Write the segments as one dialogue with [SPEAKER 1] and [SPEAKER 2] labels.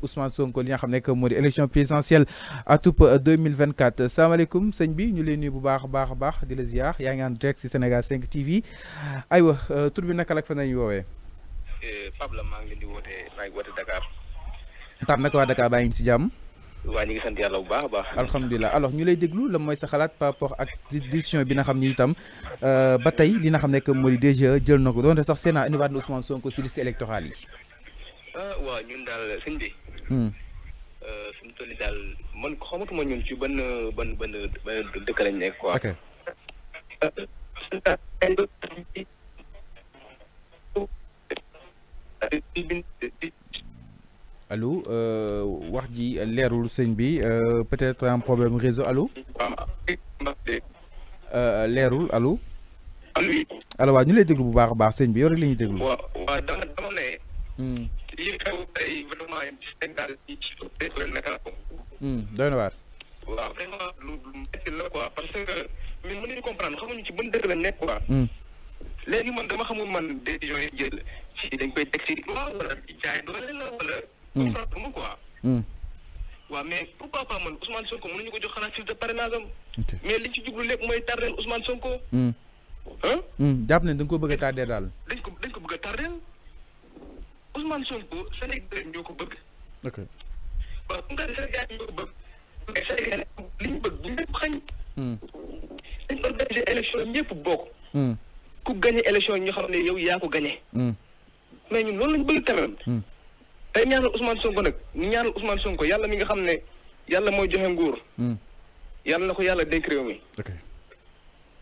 [SPEAKER 1] Ousmane Sonko li nga xamné que modi élection présidentielle à tout 2024 salaamaaleykum sëñ bi ñu lay nuy bu baax baax baax di la ziar ya nga en direct ci Sénégal 5 TV ay wa euh, tour bi naka ak fan euh, la ñuy
[SPEAKER 2] Pablo ma ngi leen di woote maa ngi Dakar.
[SPEAKER 1] Pape naka waa Dakar baa ngi si jàmm.
[SPEAKER 2] waa ñu ngi sant Yalla bu baax baax.
[SPEAKER 1] alhamdulilah alors ñu lay déglu le moy sa xalat par rapport ak décision bi nga xam ni itam euh batay li nga xamné que modi déjà jël nako ko sax Sénat indiwaat na Ousmane Sonko si liste électorale yi. ah waaw ñun daal sëñ bi. Hmm.
[SPEAKER 2] Ah, fi mu toll nii daal man xamatuma ñun ci ban ban ban dëkk lañu nekk ko ok.
[SPEAKER 1] allo euh, wax ji leerul sëñ bi euh, peut-être un problème réseau allo. Euh, leerul allo. allo waaw ñu lay déglu bu baax baax sëñ bi yow rek la déglu. Hmm, doy na waar. waaw vraiment
[SPEAKER 2] lu lu métti la quoi parce que ñun mënuñu comprendre xamuñu ci ban dëkk la nekk quoi. Hmm. léegi man dama xamul man décision yi jël ci dañ koy teg ci waaw wala jaay doole la wala. Hmm. comprendre mu quoi. waaw mais pourquoi pas man Ousmane Sonko ñu ko jox xanaa fiche de parrainage am. mais liñ ci jublu lépp mooy tardeel Ousmane Sonko.
[SPEAKER 1] ah. jàpp nañ dañ ko bëgg a tardeel daal. dañ
[SPEAKER 2] ko dañ ko bëgg a tardeel Ousmane Sonko Sénégal ñoo ko bëgg. waaw comme que Sénégal ñu bëgg mais li ñu bëgg bu ñu xañ. Hmm. dañ organiser élection ñëpp bokk. Hmm. ku gagné élection ñu xam ne yow yaa ko gagné. Hmm. mais ñun loolu lañ bëgg tamit. tey ñaanal Ousmane Sonko nag ñaanal Ousmane Sonko yàlla mi nga xam ne yàlla mooy joxe nguur. yàlla na ko yàlla dénk réew mi.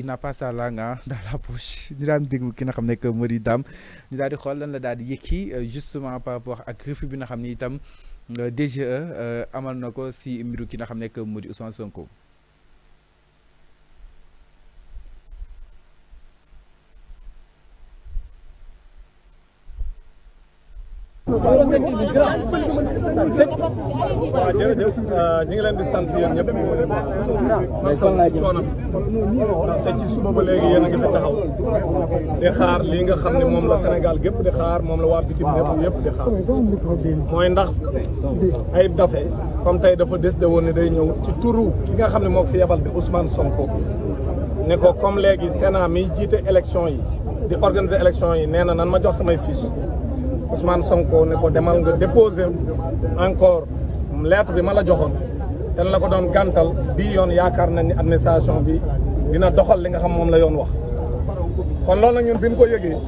[SPEAKER 1] il n'a pas sa langue dans la poche ñu daan ki na xam ne que moo di Dame ñu daal di xool lan la daal di yëkki euh, justement par rapport ak refus bi na xam ne itam euh, DGE euh, amal na ko si mbiru ki na xam ne que moo di Ousmane Sonko. waaw
[SPEAKER 2] jërëjëf ñu ngi leen di sant yéen ñëpp ma sant ci coonam te ci suba ba léegi yéen a ngi fi taxaw di xaar lii nga xam ne moom la Sénégal gépp di xaar moom la waa bitim réew yëpp di xaar mooy ndax Ayib Daffé comme tey dafa décidé woon ne day ñëw ci turu ki nga xam ne moo fi yebal di Ousmane Sonko ne ko comme léegi Sénat miy jiite élection yi di organiser élection yi nee na nan ma jox samay fiche Ousmane Sonko ne ko demal nga déposer encore lettre bi mala joxone joxoon la ko don gantal bi yon yaakaar na ni administration bi dina doxal li nga xam mom la yon wax kon lool nak ñun bimu ko yegge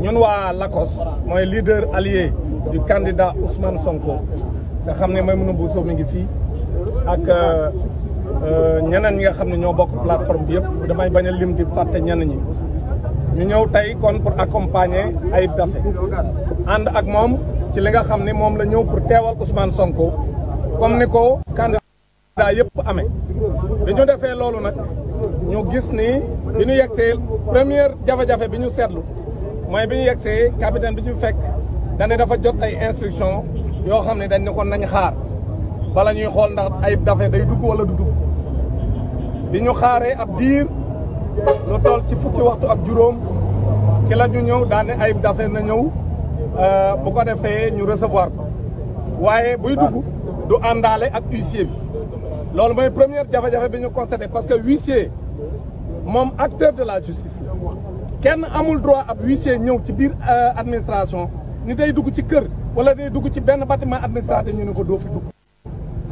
[SPEAKER 2] ñun wa LACOS moy leader allié du candidat Ousmane Sonko nga xam ne bu so mi ngi fi ak euh, euh, ñeneen ñi nga xam ne ñoo bokk plateforme bi yëpp lim di fàtte ñenn ñi ñu ñëw tey kon pour accompagner Ayib Daffé ànd ak moom ci li nga xam ne moom la ñëw pour teewal Ousmane Sonko comme ni ko candidat yëpp amee bi ñu defee loolu nag ñu gis ni bi ñu yegsee première jafe-jafe bi ñu seetlu mooy bi ñu yegsee capitaine bi ñu fekk dañu dafa jot ay instruction yoo xam ne dañ ne ko nañ xaar bala ñuy xool ndax Ayib Daffé day dugg wala du dugg bi ñu xaaree ab diir lu toll ci fukki waxtu ak juróom ci la ñu ñëw daane Ayib dafe na ñëw euh, bu ko defee ñu recevoir ko waaye buy dugg du àndaale ak huissier bi loolu mooy première jafe-jafe bi ñu constaté parce que huissier moom acteur de la justice kenn amul droit ab huissier ñëw ci biir euh, administration ni day dugg ci kër wala day dugg ci benn bâtiment administratif ñu ne ko doo dugg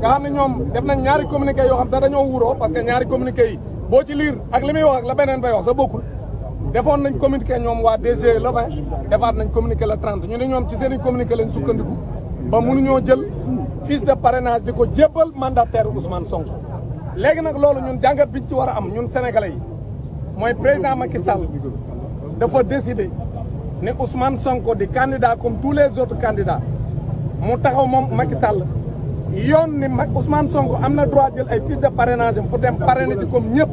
[SPEAKER 2] nga xam ne ñoom def nañ ñaari communiqué yoo xam sax dañoo wuroo parce que ñaari communiqué yi boo ci liir ak li muy wax ak la beneen bay wax sa bokkul defoon nañ communiqué ñoom waa DG le 20 defaat nañ communiqué le 30 ñu ne ñoom ci seen i communiqué lañ sukkandiku ba mënuñoo jël fiche de parrainage di ko jébbal mandataire Ousmane Sonko. léegi nag loolu ñun jàngat biñ ci war a am ñun sénégalais yi mooy président Macky Sall dafa décider ne Ousmane Sonko di candidat comme tous les autres candidats mu taxaw moom Macky Sall. yoon ni mag Ousmane Sonko am na droit jël ay fiche de parrainage am pour dem parrainer ci comme ñëpp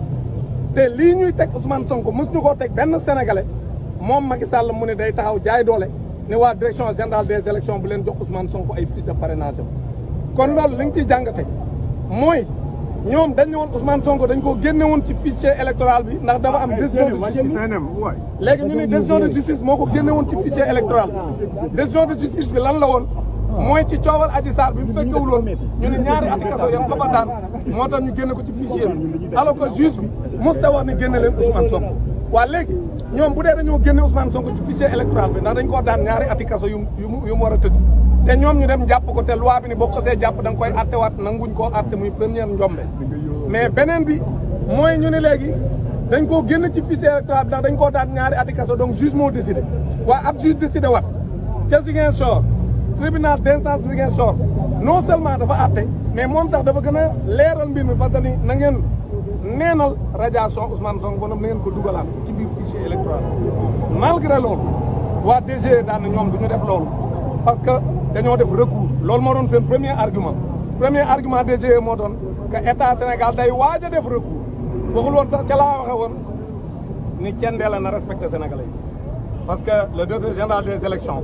[SPEAKER 2] te lii ñuy teg Ousmane Sonko mos ñu koo teg benn sénégalais moom Macky Sall mu ne day taxaw jaay doole ne waa direction générale des élections bu leen jox Ousmane Sonko ay fiche de parrainage am kon loolu li nga ciy jàngate mooy ñoom dañ ne woon Ousmane Sonko dañ ko génne woon ci fichier électoral bi ndax dafa am décision de justice léegi ñu ne décision de justice moo ko génne woon ci lan la woon Ah. mooy ci coowal Adji Sarr bi mu fekkewuloon ñu ne ñaari ati kaso yam xaba daan moo tax ñu génne ko ci fichier bi alors bi mos ta wax génne leen Ousmane Sonko waa léegi ñoom bu dee dañoo génne Ousmane Sonko ci fichier électoral bi ndax dañ koo daan ñaari ati kaso yu war a tëdd te ñoom ñu dem jàpp ko te loi bi ni boo ko see jàpp da nga koy attewaat nanguñ koo atte muy première njombe mais beneen bi mooy ñu ne léegi dañ koo génn ci fichier dañ koo daan ñaari ati kaso donc juge moo décidé waa ab juge décidé wat tribunal d'instance bu Ziguinchor non seulement dafa àtte mais mom sax dafa gëna léral mbir mi parce que na ngeen neenal son Ousmane son bonam na ngeen ko dugalaat ci biir fichier électoral malgré lool wa DG daan ñom duñu def lool parce que dañoo def recours lool mo doon sen premier argument premier argument DG mo doon que état Sénégal day waja def recours waxul won sax kala waxe ni cendee na respecter sénégalais parce que le directeur général des élections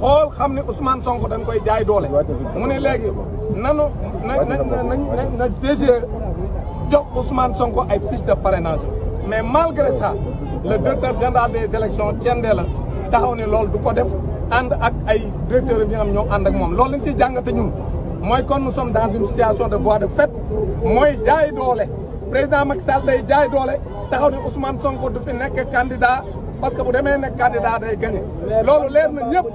[SPEAKER 2] xool xam ne Ousmane Sonko dañ koy jaay doole mu ne léegi nanu na na na DG jox Ousmane Sonko ay fiche de parrainage mais malgré ça le directeur général des élections Thiendé la taxaw ne lool du ko def ànd ak ay directeurs bi nga xam ñoo ànd ak moom loolu lañ ciy jàngate ñun mooy kon nous sommes dans une situation de voie de fait mooy jaay doole président Macky Sall day jaay doole taxaw ne Ousmane Sonko du fi nekk candidat parce que bu demee nekk candidat day gagné loolu leer na ñëpp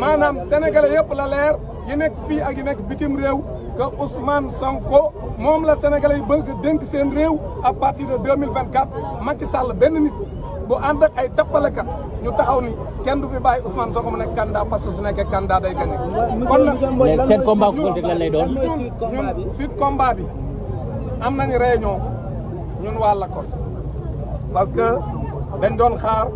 [SPEAKER 1] maanaam sénégalais yëpp
[SPEAKER 2] la leer yi nekk fii ak yi nekk bitim réew que Ousmane Sonko moom la sénégalais yi bëgg dénk seen réew à partir de 2024 Macky Sall benn nit bu ànd ak ay tappalekat ñu taxaw ni kenn du fi bàyyi Ousmane Sonko mu nekk candidat parce que su nekkee candidat day gagné. kon nag seen combat politique ñun ñun suite combat bi am nañu réunion ñun waa Lacoste parce dañ doon xaar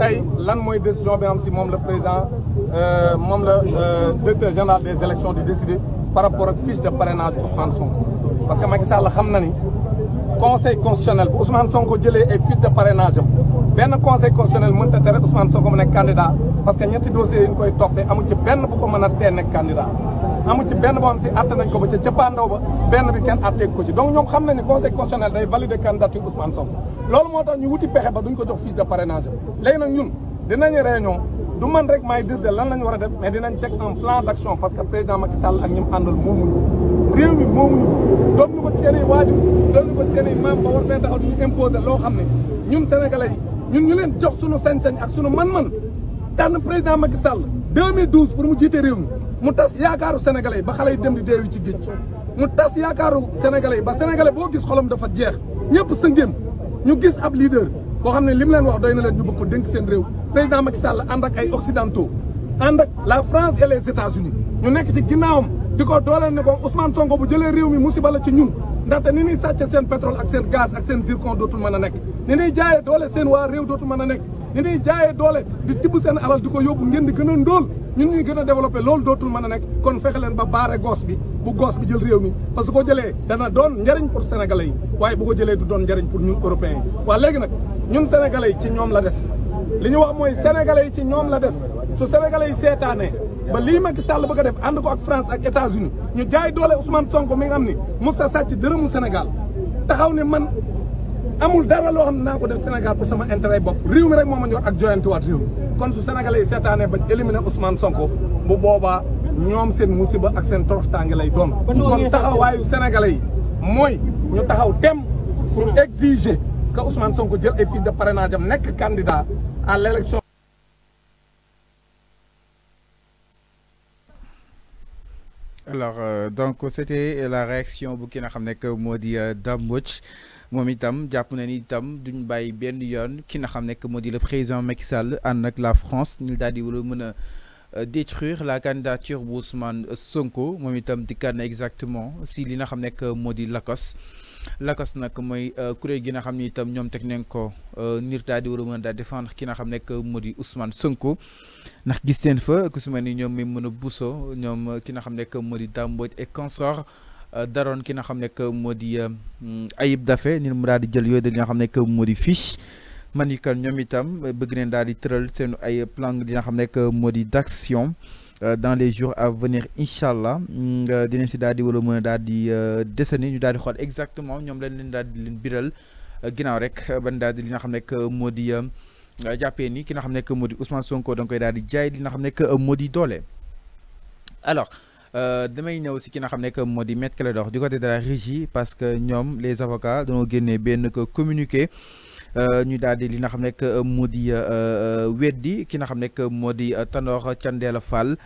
[SPEAKER 2] tey lan mooy décision bi am si moom le président le euh, la euh, directeur général des élections di décider par rapport ak fiche de parrainage Ousmane Sonko. parce que Macky Sall xam na ni conseil constitutionnel bu Ousmane Sonko jëlee ay fiche de parrainage am conseil constitutionnel mënut a tere Ousmane Sonko mu nekk candidat parce que ñetti dossiers yi ñu koy toppee amu ci benn bu ko mën a tee nekk candidat. amu ci benn boo xam si atte nañ ko ba ca cëppaandaw ba benn bi kenn atteeg ko ci donc ñoom xam nañ ne conseil constitutionnel day valider candidature Ousmane Sonko loolu moo tax ñu wuti pexe ba duñ ko jox fiche de parrainage léegi nag ñun dinañu réunion du man rek may décider lan la ñu war a def mais dinañ teg un plan d' action parce que président Macky Sall ak ñi mu moomuñu réew mi moomuñu ko ñu ko ci seen i waajur doon ñu ko ci seen i maam ba war fee taxaw loo xam ne ñun sénégalais yi ñun ñu leen jox suñu sañ-sañ ak suñu man-man tànn président Macky Sall 2012 pour mu jiite réew mi mu tas yaakaaru sénégalais yi ba xale yi dem di deewi ci géej mu tas yaakaaru sénégalais yi ba sénégalais boo gis xolam dafa jeex ñëpp sëngéem ñu gis ab leader boo xam ne li mu leen wax doy na leen ñu bëgg ko dénk seen réew président Macky Sall ànd ak ay occidentaux ànd ak la France et les états ñu nekk ci ginnaawam di ko dooleel ne ko Ousmane Sonko bu jëlee réew mi musiba la ci ñun ndaxte ni ñuy sàcc seen pétrole ak seen gaz ak seen zircon dootul mën a nekk ni ñuy jaayee seen waa réew dootul mën a nekk ni ñuy jaayee doole di tibb seen alal di ko yóbbu ngeen di gën a ndóol ñun ñuy gën a développé loolu dootul mën a nekk kon fexe leen ba baare goos bi bu goos bi jël réew mi parce que ko jëlee dana doon njariñ pour sénégalais waaye bu ko jëlee du doon njariñ pour ñun européens yi waa léegi nag ñun sénégalais yi ci ñoom la des li ñu wax mooy sénégalais yi ci ñoom la des su sénégalais yi seetaanee ba lii Macky Sall bëgg a def ànd ko ak France ak États-Unis ñu jaay doole Ousmane Sonko mi nga xam ni musta sàcc dërëmu Sénégal taxaw ne man amul dara lo xamna ko def Sénégal pour sama intérêt bop réew mi rek moma ñor ak joyantiwaat wat mi kon su sénégalais yi ba éliminer Ousmane Sonko bu boba ñom seen musiba ak seen toroxtaange lay doon. kon taxawaayu sénégalais moy ñu taxaw tém pour exiger que Ousmane Sonko jël ay fils de parrainage am nek candidat à
[SPEAKER 1] l'élection alors euh, donc c'était la réaction bu ki nga xam nekk moo di euh, moom itam jàpp na ni itam duñ bàyyi benn yoon ki nga xam nekk moo di la président Macky Sall ànd ak la France ñu daal di wala mën a euh, détruire la candidature bu Ousmane Sonko moom itam dikkaat na exactement si li nga xam nekk moo di lakos lakos nag mooy euh, kuréel gi nga xam ni itam ñoom teg nañ ko euh, nir daal di war a mën daal defendre ki nga xam nekk moo di Ousmane Sonko ndax gis teen fa ku su mel ñoom mi mën a buso ñoom ki nga xam nekk moo di Dame Mbodj et consort daroon ki nga xam ne que euh, mm, Ayib Daffé ni mu daal di jël yooyu da nga xam ne que fiche man i ñoom itam euh, bëgg neen daal di tëral seen ay plan di nga xam ne que d'action euh, dans les jours à venir inshallah mm, dina ci daal di wala mëna daal di dessiner ñu daal di xol exactement ñom lañ leen daal di leen biral ginaaw rek ban daal di li nga xam ne que moo ni ki nga xam ne que moo Ousmane Sonko da nga koy daal di jaay di nga xam ne que moo alors. Euh, damay ñëw si ki nga xam ne que moo di maître Clédor du côté de la régie parce que nous les avocats dañoo génnee benn communiqué euh, ñu daal di li nga xam ne que moo euh, weddi ki n'a xam ne que moo Tanor Thiendella Fall.